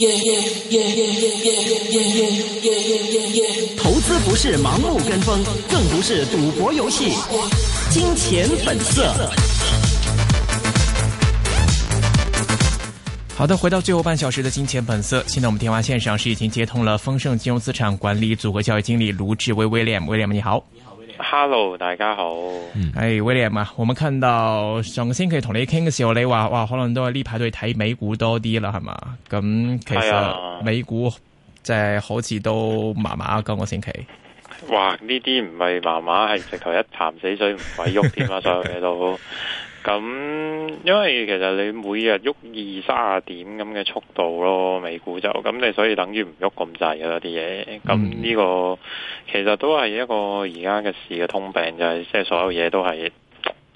耶耶耶耶耶耶耶耶耶耶，投資不是盲目跟風，更不是賭博遊戲。金錢本色。好的，回到最後半小時的金錢本色。現在我們電話線上是已經接通了豐盛金融資產管理組合交易經理盧志威 （William）。William，你好。hello，大家好。係 William 啊，我們看到上個星期同你傾嘅時候，你話哇，可能都係呢排都係睇美股多啲啦，係嘛？咁其實美股即係好似都麻麻，今個星期。哎、呀哇，呢啲唔係麻麻，係直頭一潭死水，唔鬼喐添啊！所有嘢都。咁因為其實你每日喐二三點咁嘅速度咯，美股就咁，你所以等於唔喐咁滯噶啦啲嘢。咁呢、嗯、個其實都係一個而家嘅市嘅通病，就係即係所有嘢都係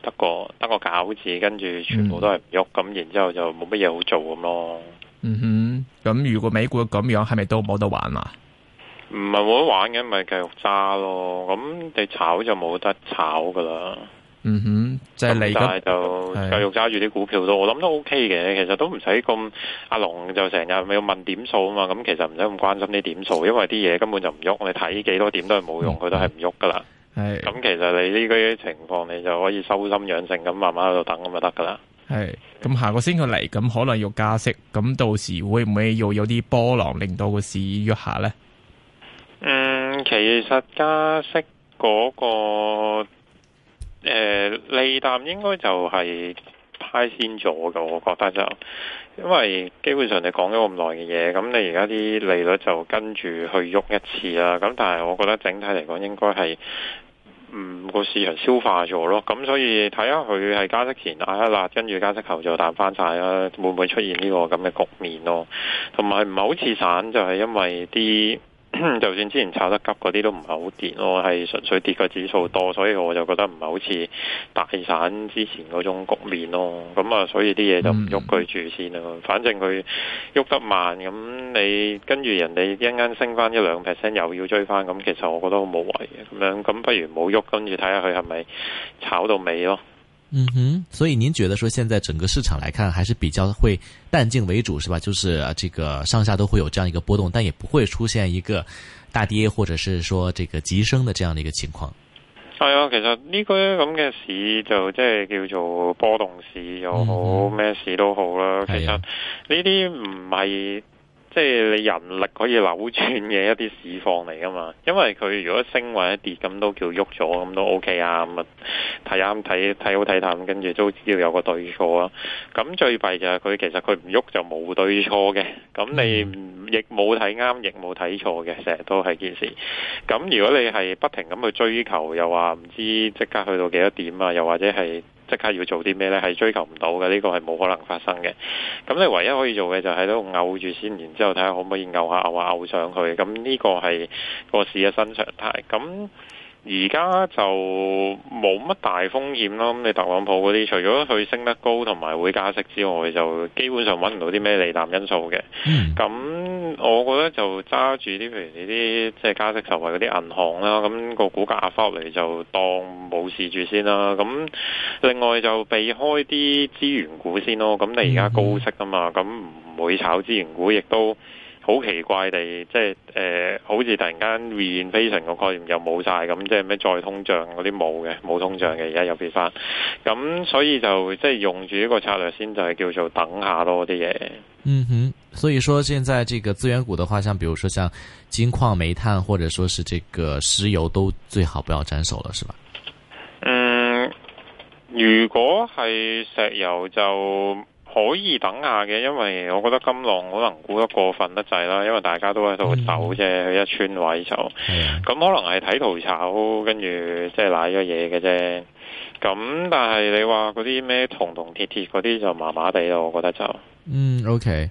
得個得個餃子，跟住全部都係唔喐，咁然之後就冇乜嘢好做咁咯。嗯哼，咁如果美股咁樣，係咪都冇得玩啊？唔係冇得玩嘅，咪繼續揸咯。咁你炒就冇得炒噶啦。嗯哼，即係你就繼續揸住啲股票都，我諗都 OK 嘅。其實都唔使咁，阿龍就成日咪要問點數啊嘛。咁其實唔使咁關心啲點數，因為啲嘢根本就唔喐。你睇幾多點都係冇用，佢都係唔喐噶啦。係咁，其實你呢啲情況你就可以收心養性咁慢慢喺度等咁就得噶啦。係咁下個星期嚟，咁可能要加息，咁到時會唔會要有啲波浪令到個市喐下咧？嗯，其實加息嗰個。誒、呃，利淡應該就係派先咗嘅，我覺得就是、因為基本上你講咗咁耐嘅嘢，咁你而家啲利率就跟住去喐一次啦。咁但係我覺得整體嚟講應該係，唔、嗯、個市場消化咗咯。咁所以睇下佢係加息前壓一壓，跟住加息後就彈翻晒啦。會唔會出現呢個咁嘅局面咯？同埋唔係好似散就係、是、因為啲。 就算之前炒得急嗰啲都唔係好跌咯，係純粹跌個指數多，所以我就覺得唔係好似大散之前嗰種局面咯。咁啊，所以啲嘢就唔喐佢住先啦，反正佢喐得慢，咁你跟住人哋一陣間升翻一兩 percent 又要追翻，咁其實我覺得好冇謂。咁樣咁不如冇喐，跟住睇下佢係咪炒到尾咯。嗯哼，所以您覺得說，現在整個市場來看，還是比較會淡靜為主，是吧？就是這個上下都會有這樣一個波動，但也不會出現一個大跌，或者是說這個急升的這樣的一個情況。係啊、嗯，其實呢個咁嘅市就即係叫做波動市又好，咩市都好啦。其實呢啲唔係。即係你人力可以扭轉嘅一啲市況嚟噶嘛？因為佢如果升或者跌咁都叫喐咗，咁都 OK 啊。咁啊睇啱睇睇好睇淡，跟住都知道有個對錯啊。咁最弊就係佢其實佢唔喐就冇對錯嘅。咁你亦冇睇啱，亦冇睇錯嘅，成日都係件事。咁如果你係不停咁去追求，又話唔知即刻去到幾多點啊？又或者係。即刻要做啲咩呢？係追求唔到嘅，呢個係冇可能發生嘅。咁你唯一可以做嘅就係喺度嘔住先，然之後睇下可唔可以嘔下嘔下嘔上去。咁呢個係個市嘅新常態。咁而家就冇乜大風險咯，咁你特朗普嗰啲，除咗佢升得高同埋會加息之外，就基本上揾唔到啲咩利淡因素嘅。咁 我覺得就揸住啲譬如你啲即係加息受惠嗰啲銀行啦，咁個股價壓翻落嚟就當冇事住先啦。咁另外就避開啲資源股先咯。咁你而家高息噶嘛，咁唔會炒資源股，亦都。好奇怪地，即係誒、呃，好似突然間 reflation 個概念又冇晒咁，即係咩再通脹嗰啲冇嘅，冇通脹嘅而家又變翻，咁所以就即係用住一個策略先，就係叫做等下多啲嘢。嗯哼，所以說現在這個資源股的話，像比如說像金礦、煤炭或者說是這個石油，都最好不要沾手了，是吧？嗯，如果係石油就。可以等下嘅，因為我覺得金浪可能估得過分得滯啦，因為大家都喺度走啫，去、嗯、一村位走，咁、嗯、可能係睇圖炒，跟住即係買咗嘢嘅啫。咁但係你話嗰啲咩銅銅鐵鐵嗰啲就麻麻地咯，我覺得就嗯 OK。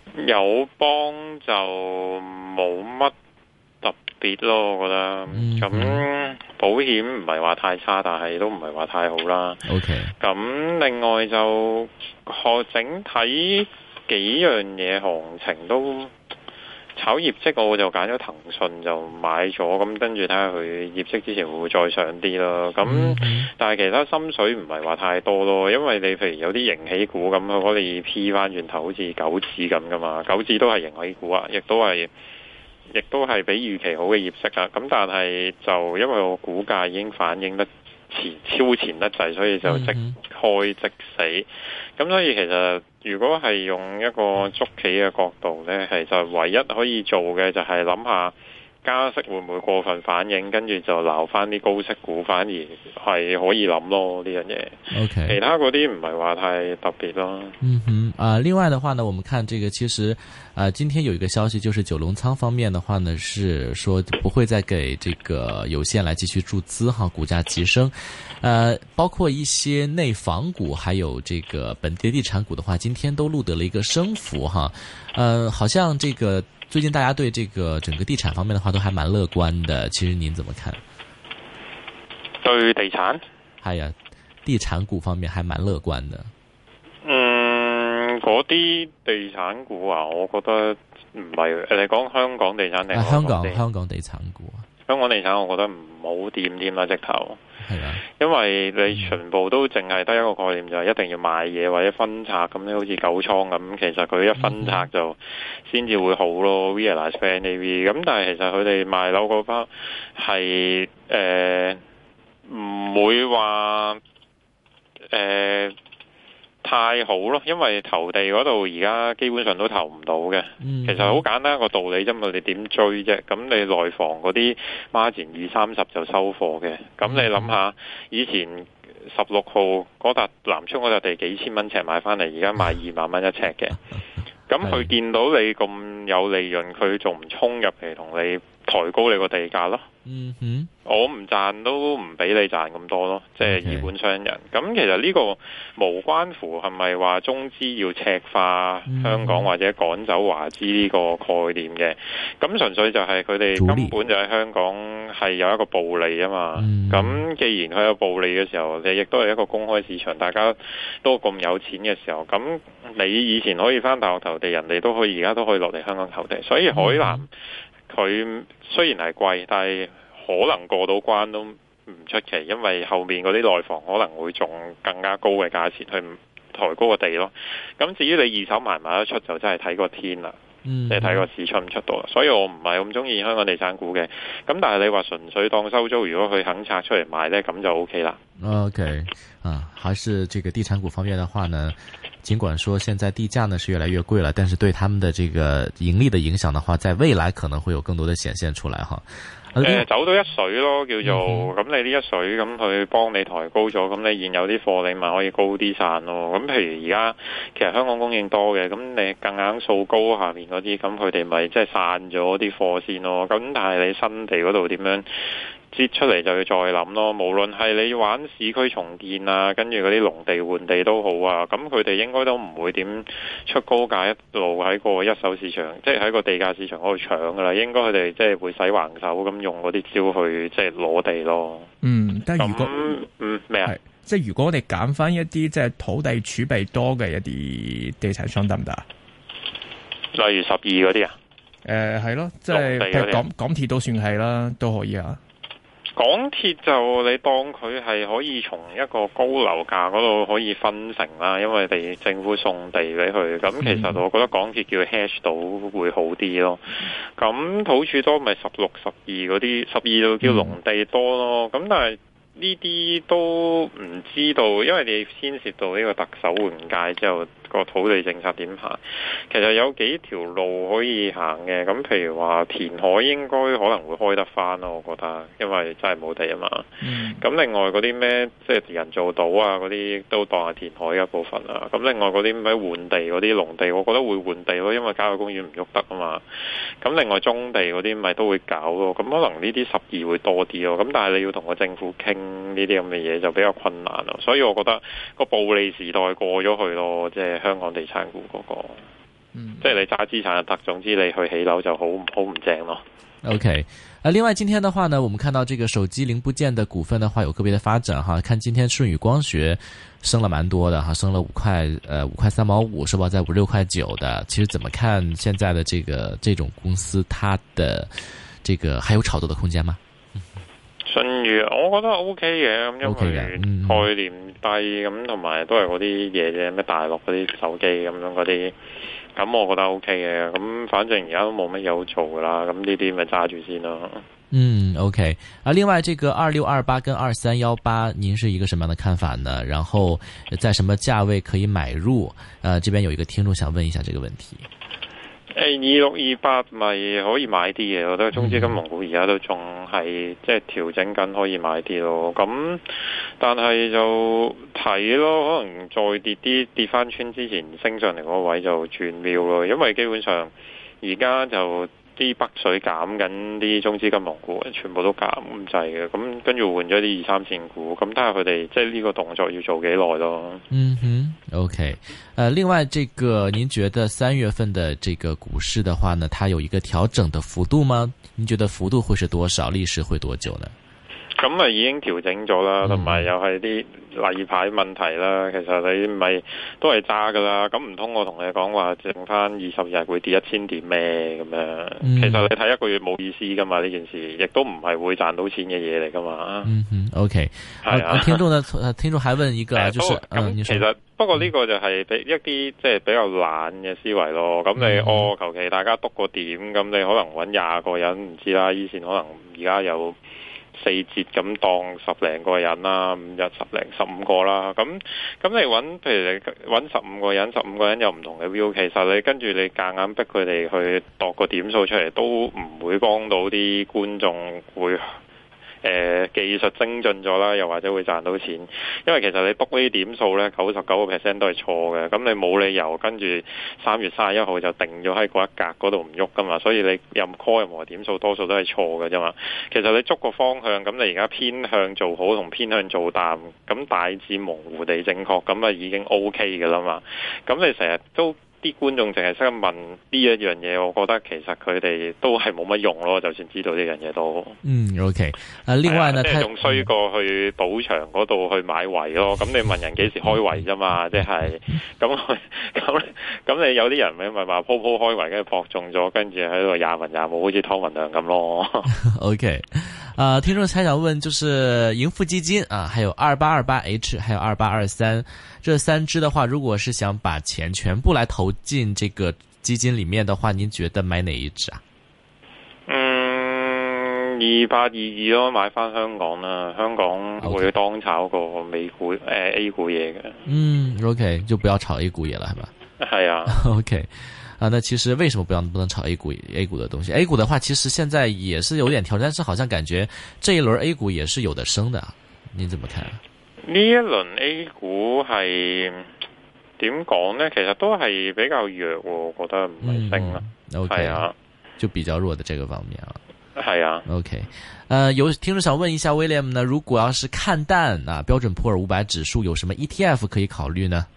友邦就冇乜特別咯，我覺得咁保險唔係話太差，但係都唔係話太好啦。OK，咁另外就學整體幾樣嘢行情都炒業績我就揀咗騰訊就買咗，咁跟住睇下佢業績之前會唔會再上啲咯。咁、嗯嗯、但係其他心水唔係話太多咯，因為你譬如有啲盈喜股咁，佢可以 P 翻轉頭好似九紫咁噶嘛，九紫都係盈喜股啊，亦都係亦都係比預期好嘅業績啊。咁但係就因為我股價已經反映得超前得滯，所以就即開即死。咁所以其實，如果係用一個捉棋嘅角度呢，其實唯一可以做嘅就係諗下。加息會唔會過分反應，跟住就鬧翻啲高息股，反而係可以諗咯呢樣嘢。Okay. 其他嗰啲唔係話太特別咯。嗯哼，啊、呃，另外的話呢，我們看這個，其實啊、呃，今天有一個消息，就是九龍倉方面的話呢，是說不會再給這個有線來繼續注資哈，股價急升。呃，包括一些內房股，還有這個本地地產股的話，今天都錄得了一個升幅哈。呃，好像這個。最近大家對這個整個地產方面的話都還蠻樂觀的，其實您怎麼看？對地產？係啊、哎，地產股方面還蠻樂觀的。嗯，嗰啲地產股啊，我覺得唔係，你講香港地產定？啊、香港香港地產股啊？香港地產，我覺得唔好掂添啦，直頭。因為你全部都淨係得一個概念，就係、是、一定要賣嘢或者分拆。咁你好似九倉咁，其實佢一分拆就先至會好咯。Realize 返個 NAV。咁但係其實佢哋賣樓嗰包係誒唔會話誒。呃太好咯，因為投地嗰度而家基本上都投唔到嘅。嗯、其實好簡單一個道理啫嘛，你點追啫？咁你內房嗰啲孖展二三十就收貨嘅，咁你諗下，嗯嗯、以前十六號嗰笪南昌嗰笪地幾千蚊尺買返嚟，而家賣二萬蚊一尺嘅，咁佢見到你咁有利潤，佢仲唔衝入嚟同你抬高你個地價咯？嗯哼，mm hmm. 我唔賺都唔俾你賺咁多咯，即係二本商人。咁其實呢個無關乎係咪話中資要赤化香港或者趕走華資呢個概念嘅？咁純粹就係佢哋根本就喺香港係有一個暴利啊嘛。咁既然佢有暴利嘅時候，你亦都係一個公開市場，大家都咁有錢嘅時候，咁你以前可以翻大陸投地，人哋都可以而家都可以落嚟香港投地，所以海南。Mm hmm. 佢雖然係貴，但係可能過到關都唔出奇，因為後面嗰啲內房可能會仲更加高嘅價錢去抬高個地咯。咁至於你二手賣唔賣得出，就真係睇個天啦。你睇個市出唔出到，所以我唔係咁中意香港地產股嘅。咁但係你話純粹當收租，如果佢肯拆出嚟賣咧，咁就 OK 啦。OK，啊，還是這個地產股方面的話呢？盡管說現在地價呢是越來越貴了，但是對他們的這個盈利的影響的話，在未來可能會有更多的顯現出來哈。誒走到一水咯，叫做咁你呢一水咁佢幫你抬高咗，咁你現有啲貨你咪可以高啲散咯。咁譬如而家其實香港供應多嘅，咁你夾硬數高下面嗰啲，咁佢哋咪即係散咗啲貨先咯。咁但係你新地嗰度點樣？ 接出嚟就要再諗咯，無論係你玩市區重建啊，跟住嗰啲農地換地都好啊，咁佢哋應該都唔會點出高價一路喺個一手市場，即係喺個地價市場嗰度搶噶啦，應該佢哋即係會使橫手咁用嗰啲招去即係攞地咯。嗯，但係如果嗯咩、嗯、啊？即係如果我哋揀翻一啲即係土地儲備多嘅一啲地產商得唔得？例如十二嗰啲啊？誒、呃，係咯，即係港港鐵都算係啦，都可以啊。港鐵就你當佢係可以從一個高樓價嗰度可以分成啦，因為地政府送地俾佢，咁其實我覺得港鐵叫 hedge 到會好啲咯。咁土處多咪十六十二嗰啲，十二度叫農地多咯。咁但係呢啲都唔知道，因為你牽涉到呢個特首換屆之後。個土地政策點行？其實有幾條路可以行嘅。咁譬如話填海應該可能會開得翻咯，我覺得，因為真係冇地啊嘛。咁另外嗰啲咩即係人造島啊，嗰啲都當係填海一部分啦。咁另外嗰啲咩換地嗰啲農地，我覺得會換地咯，因為郊野公園唔喐得啊嘛。咁另外棕地嗰啲咪都會搞咯。咁可能呢啲十二會多啲咯。咁但係你要同個政府傾呢啲咁嘅嘢，就比較困難咯。所以我覺得個暴利時代過咗去咯，即係。香港地產股嗰個，嗯，即係你揸資產就得，總之你去起樓就好好唔正咯。OK，啊，另外今天的話呢，我們看到這個手機零部件的股份的話，有個別的發展哈，看今天舜宇光學升了蠻多的哈，升了五塊，呃，五塊三毛五，收報在五六塊九的。其實怎麼看現在的這個這種公司，它的這個還有炒作的空間嗎？我覺得 O K 嘅，因為概念低咁，同埋都係嗰啲嘢嘅，咩大陸嗰啲手機咁樣嗰啲，咁我覺得 O K 嘅，咁反正而家都冇乜嘢好做噶啦，咁呢啲咪揸住先咯。嗯，OK，啊，另外這個二六二八跟二三幺八，您是一個什麼樣的看法呢？然後在什麼價位可以買入？誒、呃，這邊有一個聽眾想問一下這個問題。誒，二六二八咪可以買啲嘢，我覺得中資金融股而家都仲係即係調整緊，可以買啲咯。咁但係就睇咯，可能再跌啲跌翻穿之前，升上嚟嗰個位就轉妙咯。因為基本上而家就啲北水減緊啲中資金融股，全部都減咁滯嘅。咁跟住換咗啲二三線股，咁睇下佢哋即係呢個動作要做幾耐咯。嗯哼。 OK，呃，另外這個，您覺得三月份的這個股市的話呢，它有一個調整的幅度嗎？您覺得幅度會是多少？歷時會多久呢？咁咪已經調整咗啦，同埋又係啲例牌問題啦。其實你咪都係渣噶啦。咁唔通我同你講話剩返二十日會跌一千點咩？咁樣其實你睇一個月冇意思噶嘛？呢件事亦都唔係會賺到錢嘅嘢嚟噶嘛。OK，係啊，聽眾咧，聽眾還問一個，就係嗯，嗯其實、嗯、不過呢個就係一啲即係比較懶嘅思維咯。咁你、嗯、哼哦，求其大家篤個點，咁你可能揾廿個人唔知啦。以前可能而家有。四節咁當十零個人啦，五日十零十五個啦，咁咁你揾譬如你揾十五個人，十五個人有唔同嘅 view，其實你跟住你夾硬逼佢哋去度個點數出嚟，都唔會幫到啲觀眾會。誒、呃、技術精進咗啦，又或者會賺到錢，因為其實你 book 呢啲點數咧，九十九個 percent 都係錯嘅，咁你冇理由跟住三月三十一號就定咗喺嗰一格嗰度唔喐噶嘛，所以你任 call 任何點數多數都係錯嘅啫嘛。其實你捉個方向，咁你而家偏向做好同偏向做淡，咁大致模糊地正確，咁啊已經 OK 噶啦嘛。咁你成日都。啲觀眾淨係識問呢一樣嘢，我覺得其實佢哋都係冇乜用咯。就算知道呢樣嘢都，嗯，OK。啊，另外呢，仲衰過去賭場嗰度去買位咯。咁你問人幾時開位啫嘛？即係咁，咁咁，你有啲人咪話鋪鋪開位跟住搏中咗，跟住喺度廿文廿武，好似湯文亮咁咯。OK。呃，聽眾仲想問就是盈富基金啊，還有二八二八 H，還有二八二三，這三隻的話，如果是想把錢全部來投進這個基金裏面的話，您覺得買哪一隻啊？嗯，二八二二咯，買翻香港啦，香港會當炒過美股呃 A 股嘢嘅。嗯，OK，就不要炒 A 股嘢啦，係嘛？係啊，OK。啊，那其實為什麼不要不能炒 A 股 A 股的東西？A 股的話，其實現在也是有點挑戰，但是好像感覺這一輪 A 股也是有的升的，你怎麼看？呢一輪 A 股係點講呢？其實都係比較弱，我覺得唔係升啦，嗯。OK 啊，就比較弱的這個方面啊。係啊。OK，誒，呃，有聽眾想問一下 William 呢？如果要是看淡啊，標準普爾五百指數有什麼 ETF 可以考慮呢？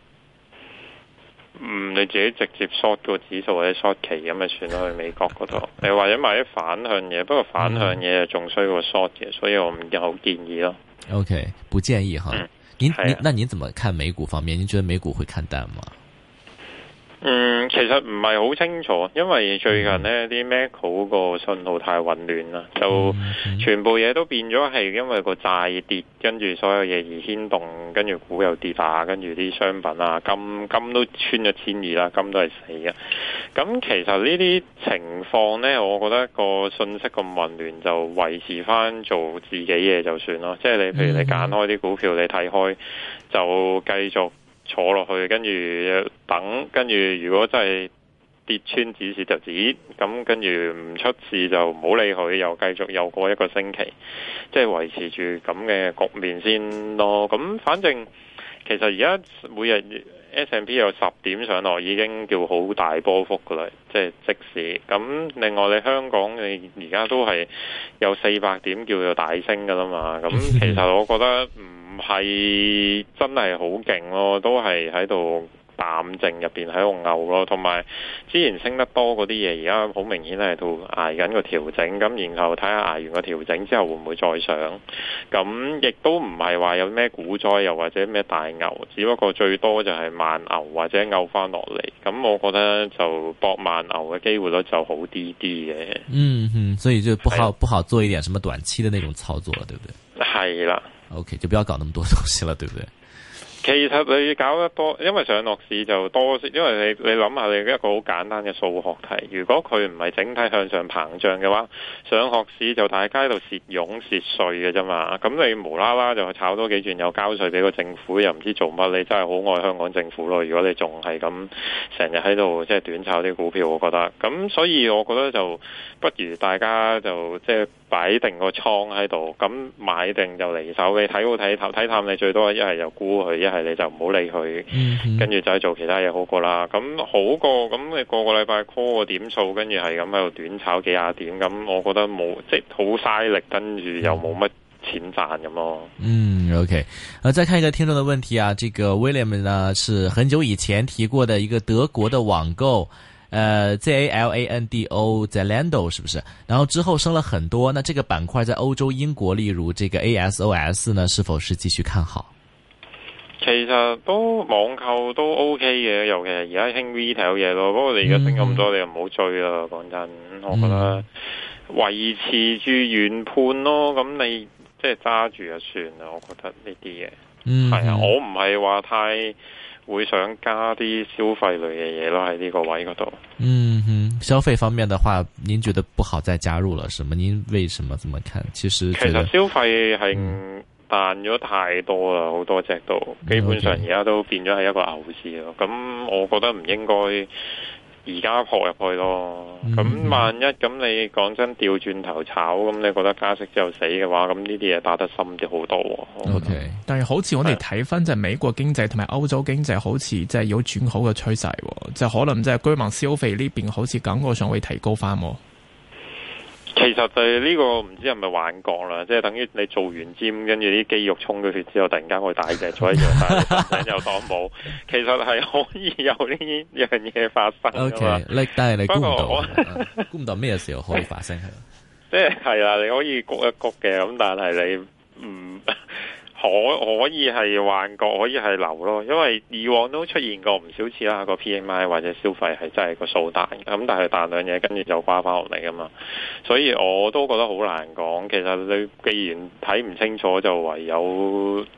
自己直接 short 個指數或者 short 期，咁咪算咯，去美國嗰度。你或者買啲反向嘢，不過反向嘢仲衰過 short 嘅，所以我唔有建、嗯、建議咯。OK，不建議吓。嗯，您您那您怎麼看美股方面？您覺得美股會看淡嗎？嗯，其實唔係好清楚，因為最近呢啲、嗯、m macro 個信號太混亂啦，嗯、就全部嘢都變咗係因為個債跌，跟住所有嘢而牽動，跟住股又跌打，跟住啲商品啊金金都穿咗千二啦，金都係死嘅。咁其實呢啲情況呢，我覺得個信息咁混亂就維持翻做自己嘢就算咯。即係你譬如你揀開啲股票你睇開，就繼續。坐落去，跟住等，跟住如果真係跌穿止蝕就止，咁跟住唔出事就唔好理佢，又繼續又過一個星期，即係維持住咁嘅局面先咯。咁、嗯、反正其實而家每日 S&P 有十點上落，已經叫好大波幅噶啦，即係即時。咁、嗯、另外你香港你而家都係有四百點叫做大升噶啦嘛。咁、嗯、其實我覺得唔。唔係真係好勁咯，都係喺度淡靜入邊喺度牛咯，同埋之前升得多嗰啲嘢，而家好明顯係度捱緊個調整，咁然後睇下捱完個調整之後會唔會再上，咁亦都唔係話有咩股災，又或者咩大牛，只不過最多就係慢牛或者牛翻落嚟，咁我覺得就搏慢牛嘅機會率就好啲啲嘅。嗯哼，所以就不好的不好做一點什麼短期的那種操作，對不對？係啦。OK，就不要搞那麼多東西了，對不對？其實你搞得多，因為上落市就多，因為你你諗下，你一個好簡單嘅數學題，如果佢唔係整體向上膨脹嘅話，上落市就大家喺度蝕佣蝕稅嘅啫嘛。咁你無啦啦就炒多幾轉，又交稅俾個政府，又唔知做乜，你真係好愛香港政府咯。如果你仲，係咁成日喺度即係短炒啲股票，我覺得咁，所以我覺得就不如大家就即係擺定個倉喺度，咁買定就離手。你睇好睇淡睇淡，你最多一係又沽佢一沽。一係你就唔好理佢，嗯、哼跟住就係做其他嘢好過啦。咁好過咁，你個個禮拜 call 個點數，跟住係咁喺度短炒幾下點，咁我覺得冇即好嘥力，跟住又冇乜錢賺咁咯。嗯，OK，啊、呃，再看一個聽眾的問題啊，這個 William 呢，是很久以前提過的一個德國的網購，誒、呃、，Zalando，Zalando 是不是？然後之後升了很多，那這個板塊在歐洲、英國，例如這個 ASOS 呢，是否是繼續看好？.其實都網購都 OK 嘅，尤其係而家興 retail 嘢咯。不過你而家升咁多，mm hmm. 你又唔好追啦。講真、mm hmm.，我覺得維持住原判咯。咁你即係揸住就算啦。Hmm. 我覺得呢啲嘢，係啊，我唔係話太會想加啲消費類嘅嘢咯，喺呢個位嗰度。嗯哼、mm，hmm. 消費方面嘅話，您覺得不好再加入了？係咪？您為什麼咁看？其實，其實消費係、mm。Hmm. 彈咗太多啦，好多隻都基本上而家都變咗係一個牛市咯。咁我覺得唔應該而家撲入去咯。咁、嗯、萬一咁你講真調轉頭炒，咁你覺得加息之後死嘅話，咁呢啲嘢，打得深啲好多。O K。Okay, 但係好似我哋睇翻，就美國經濟同埋歐洲經濟好似即係要轉好嘅趨勢，就是、可能即係居民消費呢邊好似感覺上會提高翻喎。其實就係呢個唔知係咪幻覺啦，即係等於你做完尖，跟住啲肌肉沖咗血之後，突然間會大隻，咗一樣，又當冇，其實係可以有呢樣嘢發生噶嘛。Okay, 但你但係你估唔到，估唔到咩時候可以發生係。即係係啊，你可以焗一焗嘅，咁但係你唔。我可以係幻覺，可以係流咯，因為以往都出現過唔少次啦。個 PMI 或者消費係真係個數大嘅，咁但係彈兩嘢，跟住就掛翻落嚟㗎嘛。所以我都覺得好難講。其實你既然睇唔清楚，就唯有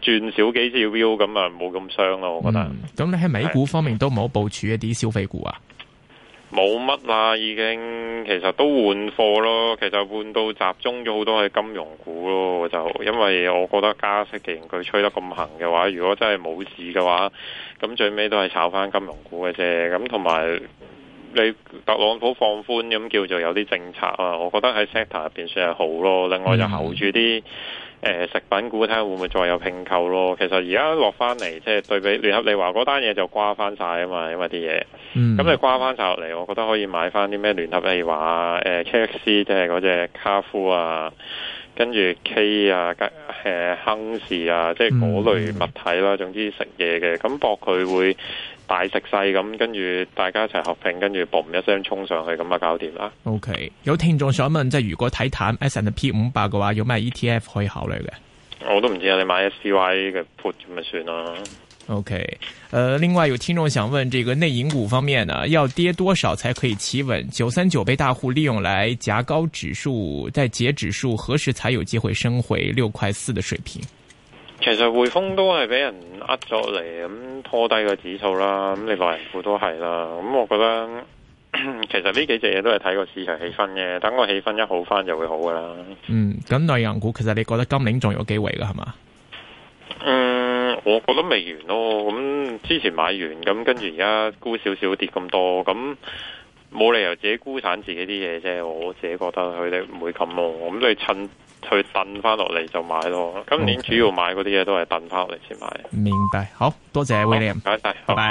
轉少幾次 view 咁啊，冇咁傷咯。我覺得。咁、嗯、你喺美股方面是都冇部署一啲消費股啊？冇乜啦，已經其實都換貨咯，其實換到集中咗好多係金融股咯，就因為我覺得加息既然佢吹得咁行嘅話，如果真係冇事嘅話，咁最尾都係炒翻金融股嘅啫。咁同埋你特朗普放寬咁叫做有啲政策啊，我覺得喺 sector 入邊算係好咯。另外就候住啲。誒、呃、食品股睇下會唔會再有併購咯？其實而家落翻嚟，即係對比聯合利華嗰單嘢就瓜翻晒啊嘛，因為啲嘢，咁、嗯、你瓜翻晒落嚟，我覺得可以買翻啲咩聯合利華、誒、呃、KXC 即係嗰隻卡夫啊，跟住 K 啊、誒、呃、亨氏啊，即係嗰類物體啦。嗯、總之食嘢嘅，咁博佢會。大食細咁，跟住大家一齊合拼，跟住 boom 一聲衝上去咁啊，搞掂啦。OK，有聽眾想問，即係如果睇淡 S and P 五百嘅話，有咩 ETF 可以考慮嘅。我都唔知啊，你買 SPY 嘅 put 咁咪算咯。OK，誒、呃，另外有聽眾想問，這個內銀股方面呢，要跌多少才可以企穩？九三九被大戶利用來夾高指數，再截指數何時才有機會升回六塊四嘅水平？其實匯豐都係俾人呃咗嚟，咁拖低個指數啦，咁你內銀股都係啦。咁我覺得其實呢幾隻嘢，都係睇個市場氣氛嘅，等個氣氛一好翻就會好噶啦。嗯，咁內銀股其實你覺得今年仲有機會噶係嘛？嗯，我覺得未完咯、喔。咁之前買完，咁跟住而家沽少少跌咁多，咁冇理由自己沽殘自己啲嘢啫。我自己覺得佢哋唔會咁咯。我咁都係趁。去扽翻落嚟就買咯，今年主要買嗰啲嘢都係扽翻落嚟先買。明白，好多謝 William，拜拜。